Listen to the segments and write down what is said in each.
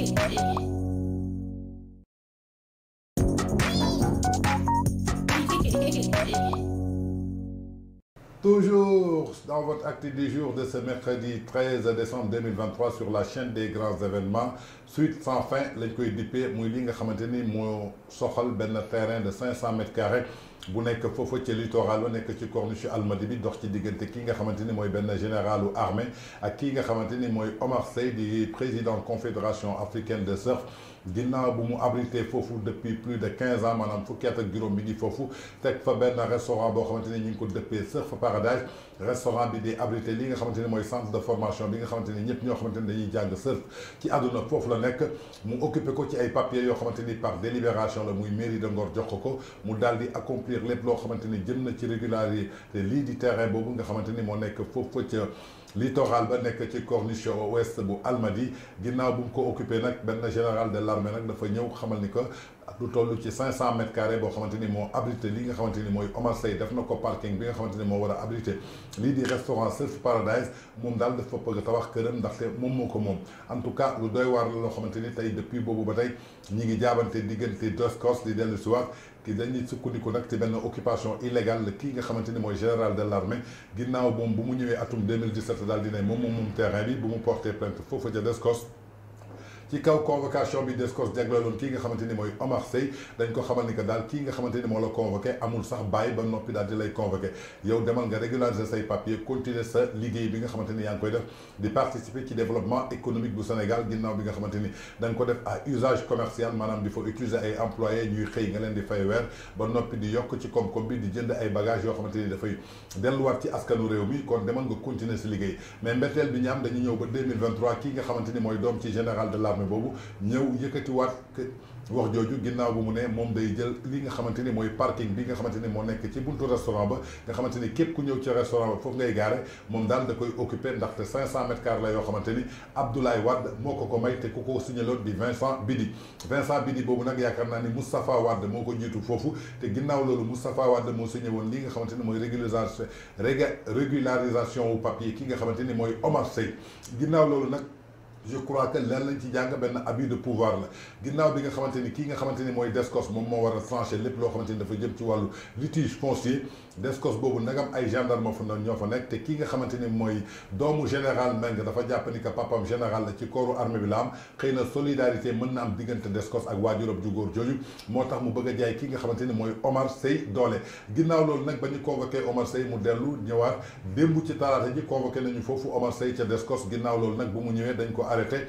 Thank you. Toujours dans votre acte du jour de ce mercredi 13 décembre 2023 sur la chaîne des grands événements suite sans fin l'EQDP, koy dippee muy li terrain de 500 mètres carrés Vous n'êtes que ci littoral ba nekk ci corniche almadi bi dox ci diggante ki nga xamante général ou Omar président confédération africaine de surf ginnaw bu mu abrité fofu depuis plus de 15 ans manam fukki at ak juróom mi ngi foofu teg fa benn restaurant boo xamante ni ñu ngi ko dëppee Surf Paradise restaurant bi di abrité li nga xamante ni mooy centre de formation bi nga xamante ni ñëpp ñoo xamante ni dañuy jàng surf ci àdduna foofu la nekk mu occupé ko ci ay papiers yoo xamante ni par délibération la muy mairie de Ngor jox ko ko mu daal di accomplir lépp loo xamante ni jëm na ci régularité lii di terrain boobu nga xamante ni moo nekk foofu ca littoral ba nekk ci corniche ouest bu Almadies ginnaaw bu mu ko occupé nag benn général de l'armée l'armée nak dafa ñew xamal ni ko du tollu ci 500 cent mètres carrés boo xamante ni moo abrité li nga xamanteni moy Omar Sey def nako parking bi nga xamanteni mo wara war a abrité lii di restaurant Surf Paradise mom dal dafa bëgg a tabax këram ndaxte moom moo ko moom en tout cas lu doy war lo xamanteni tay depuis bobu ba tey ñi ngi jaabante diggante doscos di dellu si waat ki dañuy sukkandiku nak ci benn occupation illégale la nga xamanteni moy général de l'armée ginnaw moom bu mu ñëwee atum 2017 dal dina mom mom terrain bi bu mu porté plainte foofu ca doscos ci kaw convocation bi Descos jagleeloon kii nga xamante ni mooy Omar Sey dañ ko xamal ni que daal kii nga xamante ni moo la convoqué amul sax bàyyi ba noppi daal di lay convoqué yow demal nga régulariser say papier continuer sa liggéey bi nga xamante ni yaa ngi koy def di participer ci développement économique bu Sénégal ginnaaw bi nga xamante ni da ko def à usage commercial maanaam di fa utiliser ay employé ñuy xëy nga leen di fay weer ba noppi di yokk ci koom-koom bi di jënd ay bagages yoo xamante ni dafay delluwaat ci askanu réew mi kon demal nga continuer sa liggéey mais mbetteel bi ñu am dañu ñëw ba 2023 kii nga xamante ni mooy doom ci général de la armée ñew yëkëti waat wax jooju ginnaw bu mu ne mom day jël li nga xamanteni moy parking bi nga xamanteni mo nekk ci buntu restaurant ba nga xamanteni képp ku ñëw ci restaurant ba foofu ngay garé mom daal da koy occuper ndax ndaxte 500 mètres carrés la yoo xamante Abdoulaye Wade moko ko may te kuko ko signaloon di Vincent Bidi Vincent Bidi bobu nak yaakaar naa ni Moustapha Wade moko jitu fofu foofu te ginnaaw loolu Moustapha Wade mo signé won li nga xamanteni moy régularisation régularisation au papier ki nga xamanteni moy Omar Sey ginnaw lolu nak je crois que lenn lañ ci jàng benn abus de pouvoir la ginnaaw bi nga xamanteni ki nga xamanteni moy Descos mom mo wara a lepp lo xamanteni dafa jëm ci walu litige foncier Descos bobu nagam ay gendarme fa ñoo fa nekk te ki nga xamanteni moy mooy doomu général Meng dafa jàpp ni que papam général la ci corps armée bi la am xeyna solidarité mën na am diggante Descos ak waajuram ju góor jooju moo mu bëgg jaay ki nga xamanteni moy Omar Sey doole ginnaaw lool nak bañu convoquer Omar Sey mu dellu ñëwaat dembu ci talaata ji convoquer nañu fofu Omar Sey ci Descos ginnaaw lool nak bu mu ñëwé dañ ko sabe?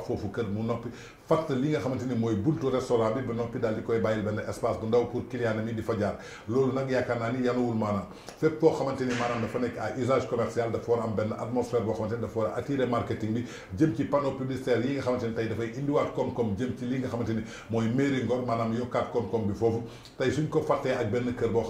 tabax foofu kër mu noppi fatt li nga xamante ni mooy buntu restaurant bi ba noppi daal di koy bàyyil benn espace bu ndaw pour client yi di fa loolu nag yaakaar naa ni yanuwul maanaam fépp foo xamante ni maanaam dafa nekk à usage commercial dafa war am benn atmosphère boo xamante ni dafa war a attirer marketing bi jëm ci panneau publicitaire yi nga xamante ni mooy mairie Ngor maanaam yokkaat koom-koom bi foofu tey suñ ko fàttee ak benn kër boo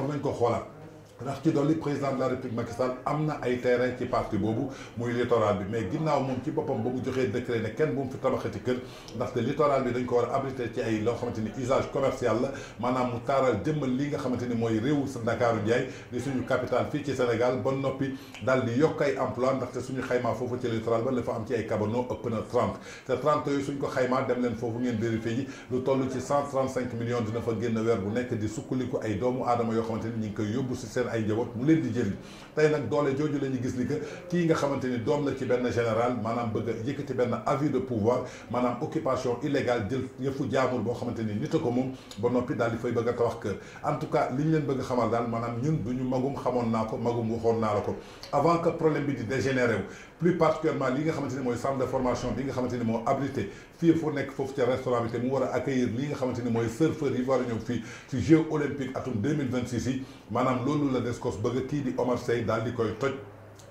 Ormen Cojuela. ndax ci dolli président de la république Macky Sall am na ay terrain ci parti boobu muy littoral bi mais ginnaaw moom ci boppam ba mu joxee décret ne kenn bu mu fi tabaxati kër ndaxte littoral bi dañ ko war a abrité ci ay loo xamante ni usage commercial la maanaam mu taaral jëmmal li nga xamante ni mooy réewu sa Ndakaaru Njaay di suñu capital fii ci Sénégal ba noppi daal di yokk ay emploi ndaxte suñu xaymaa foofu ci littoral ba la fa am ci ay cabanoo ëpp na 30 te 30 yooyu suñ ko xaymaa dem leen foofu ngeen vérifié yi lu toll ci 135 millions dina fa génn weer bu nekk di sukkandiku ay doomu aadama yoo xamante ni ñi ngi koy yóbbu si seen ay njaboot mu leen di jëriñ tey nag doole jooju la ñu gis ni que kii nga xamante ni doom la ci benn général maanaam bëgg a yëkkati benn avis de pouvoir maanaam occupation illégale jël yëfu jaamur boo xamante ni nit ko moom ba noppi daal di fay bëgg a tabax kër en tout cas li ñu leen bëgg xamal daal maanaam ñun duñu magum xamoon naa ko magum waxoon naa la ko avant que problème bi di dégénéré wu plus particulièrement li nga xamante ni mooy centre de formation bi nga xamante ni moo abrité fii fu nekk foofu ca restaurant bi te mu war a accueillir li nga xamante ni mooy surfeur yi war a ñëw fii ci Jeux olympiques atum 2026 yi maanaam loolu la des Descos bëgg kii di Omar Seye daal di koy toj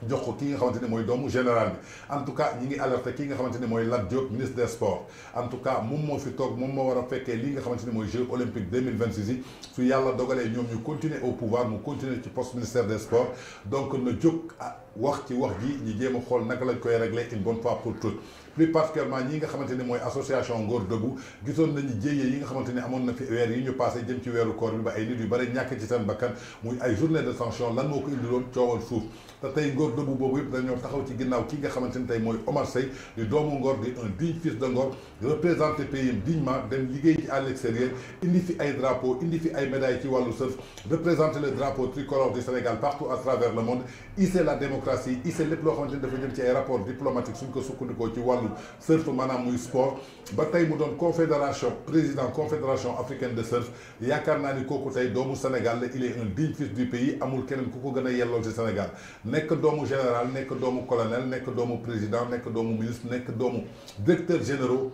jox ko ki nga xamante ne général en tout cas ñi ngi alerté ki nga xamante ne mooy ministre des sports en tout cas mon moo fi toog moom moo war a fekkee li nga xamante ne Jeux olympiques 2026 yi continuer au pouvoir mu continuer ci poste ministère des sports donc nous jóg ah, waxti wax ji ñu jéem a xool naka lañ koy régler une bonne fois pour toutes plus particulièrement ñi nga xamante ni mooy association Ngor Debout gisoon nañu jéyee yi nga xamante ni amoon na fi weer yi ñu passé jëm ci weeru koor bi ba ay nit yu bare ñàkk ci seen bakkan muy ay journée de sanction lan moo ko indiloon coowal suuf te tey Ngor Debout boobu yëpp dañoo taxaw ci ginnaaw ki nga xamante ni tey mooy Omar Seye di doomu Ngor di un digne fils de Ngor représenté pays dignement dem liggéey ci à l'extérieur indi fi ay drapeau indi fi ay médailles ci wàllu surf représenté le drapeau tricolore du Sénégal partout à travers le monde hisser la démocratie démocratie s'est lépp loo xamante ni dafa jëm ci ay rapport diplomatique suñ ko sukkandikoo ci wàllu surf maanaam muy sport ba tey mu doon confédération président confédération africaine de surf yaakaar naa ni kooku tey doomu Sénégal il est un digne fils du pays amul keneen ku ko gën a yelloo ci Sénégal nekk doomu général nekk doomu colonel nekk doomu président nekk doomu ministre nekk doomu directeur généraux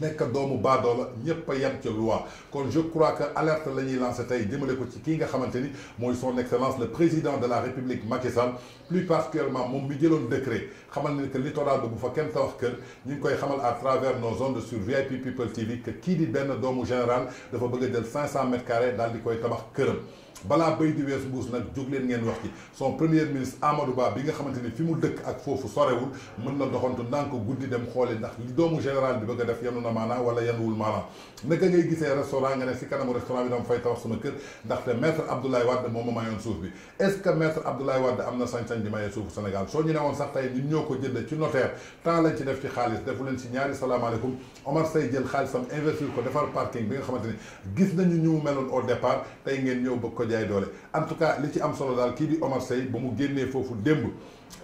nekk doomu baadoola ñépp a yem ca loi kon je crois que alerte lañuy ñuy lancé tey jëmale ko ci ki nga xamanteni moy son excellence le président de la république Macky Sall plus particulièrement mom mi jëloon décret xamal ni que littoral bi bu fa kenn tawax kër ñu koy xamal à travers nos zones de sur VIP People TV que ki di ben doomu général dafa bëgg a 500 mètres carrés dal di koy tabax këram bala béy di wees mbuus nag jóg leen ngeen wax ci son premier ministre Amadou Ba bi nga xamanteni ni fi mu dëkk ak fofu sorewul mën na doxantu ndànk guddi dem xolé ndax li doomu général bi bëgg a def na maanaa wala yenwul maanaa naka ngay gisee restaurant nga ne si kanamu restaurant bi dama fay tabax sama kër ndaxte maître Abdoulaye Wade moom ma mayoon suuf bi est ce que maître Abdoulaye Wade am na sañ-sañ di mayee suufu Sénégal soo ñu ne woon sax tey ñun ñoo ko jënd ci notaire temps lañ ci def ci xaalis defu leen si ñaari salaamaaleykum Omar Sey jël xaalisam investir ko defar parking bi nga xamante ni gis nañu ñu meloon au départ tey ngeen ñëw bëgg ko jaay doole en tout cas li ci am solo daal kii di Omar Sey ba mu génnee foofu démb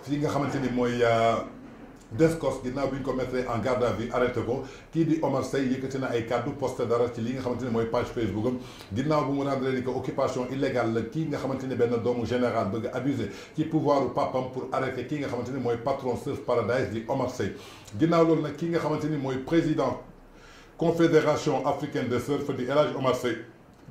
fii nga xamante ni mooy def ko ginnaaw bi ñu ko mettre en garde à vue arrêté ko kii di Omar Sey yëkkati na ay kàddu poste dara ci li nga xamante ne mooy page Facebook am ginnaaw bu mu rendre ni que occupation illégale la kii nga xamante ne benn doomu général bëgg abusé ci pouvoiru papam pour arrêter kii nga xamante ni mooy patron Surf Paradise di Omar Sey ginnaaw loolu nag kii nga xamante ni président confédération africaine de surf di El Omar Sey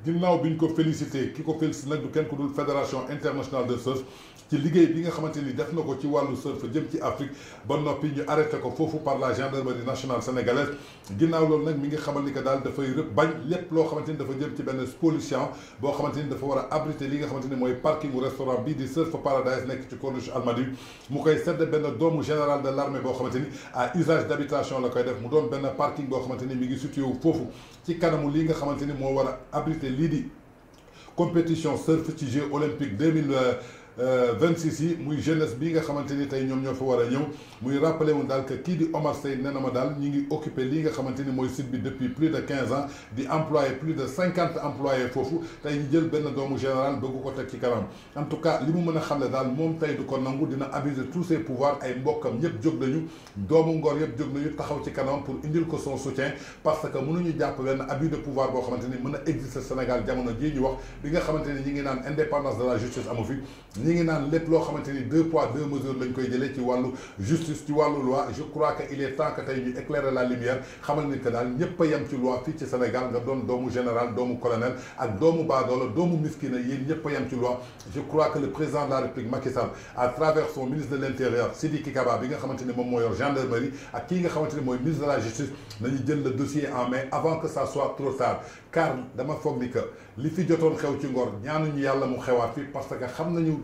ginnaw biñ ko félicité ki ko félicité nag du kenn ku dul fédération internationale de surf ci liggéey bi nga xamante ni def na ko ci wàllu surf jëm ci Afrique ba noppi ñu arrêté ko foofu par la gendarmerie nationale sénégalaise ginnaaw loolu nag mi ngi xamal ni que daal dafay rëbb bañ lépp loo xamante ni dafa jëm ci benn pollution boo xamante ni dafa war a abriter li nga xamante ni mooy parking restaurant bii di surf paradise nekk ci corniche Almadies mu koy sedd benn doomu général de l'armée boo xamante ni à usage d'habitation la koy def mu doon benn parking boo xamante ni mi ngi situé wu foofu ci kanamu li nga xamante ni moo war a abriter Lydie. Compétition surf-tigée olympique 2000, 26 euh, yi muy jeunesse bi nga xamante ni tey ñoom ñoo fa war a ñëw muy rappelé woon daal que kii di Omar Sey nee na ma daal ñi ngi occupé li nga xamante ni mooy site bi depuis plus de 15 ans di employé plus de 50 employés foofu tey ñu jël benn doomu général bëgg ko teg ci kanam en tout cas li mu mën a xam ne daal moom tey du ko nangu dina abuser tous ses pouvoirs ay mbokkam ñëpp jóg nañu doomu ngor yëpp jóg nañu taxaw ci kanam pour indil ko son soutien parce que mënuñu jàpp benn abus de pouvoir boo xamante ni mën a exister Sénégal jamono jii ñu wax bi nga xamante ni ñi ngi naan indépendance de la justice amu fi ñi ngi les lépp loo xamante deux poids deux mesures lañ koy jëlee ci justice ci wàllu loi je crois que il est temps que tey ñu éclairer la lumière xamal ni que daal ñëpp a yem ci loi fii ci Sénégal nga doon doomu général doomu colonel ak doomu baadoola doomu miskina yéen ñëpp a yem ci loi je crois que le président de la République Macky Sall à travers son ministre de l'intérieur Sidiki Kaba bi nga xamante ni moom yor gendarmerie ak kii nga xamante ni ministre de la justice nañu jël le dossier en main avant que ça soit trop tard car dama foog ni que li fi jotoon xew ci ngor ñaanuñu yàlla mu xewaat fi parce que xam nañu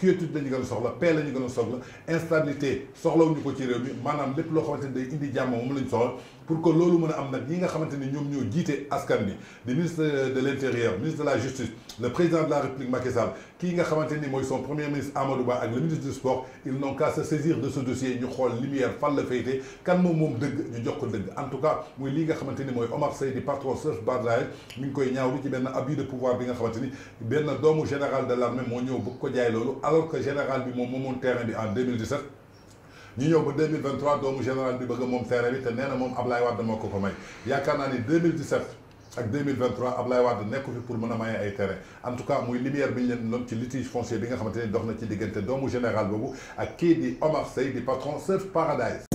quiétude la ñu gën a soxla paix lañu ñu gën a soxla instabilité soxlawuñu ko ci réew mi maanaam lépp loo xamante ni day indi jàmm moom la soxla pour que loolu mën a am nag yi nga xamante ni ñoom ñoo jiite askan bi di ministre de l' intérieur ministre de la justice le président de la république Macky Sall kii nga xamante ni mooy son premier ministre Amadou Ba ak le ministre du sport ils n'ont qu'à se saisir de ce dossier ñu xool lumière fan la féete kan moom moom dëgg ñu jox ko dëgg en tout cas muy lii nga xamante ni mooy Omar Seydi di patron Surf Barlaye mi ngi koy ñaawlu ci benn abus de pouvoir bi nga xamante ni benn doomu général de l'armée moo ñëw bëgg ko jaay loolu alors que général bi mom moomoon terrain bi en 2017 ñu ñëw ba 2023 doomu général bi bëgg mom terrain bi te nee mom moom Ablaye Wade moko ko ko may yaakaar naa ni 2017 ak 2023 Ablaye Wade nekku fi pour mën a maye ay terrain en tout cas muy lumière bi ñu leen loon ci litige foncier bi nga xamante ni dox na ci diggante doomu général boobu ak kii di Omar Seye di patron Surf Paradise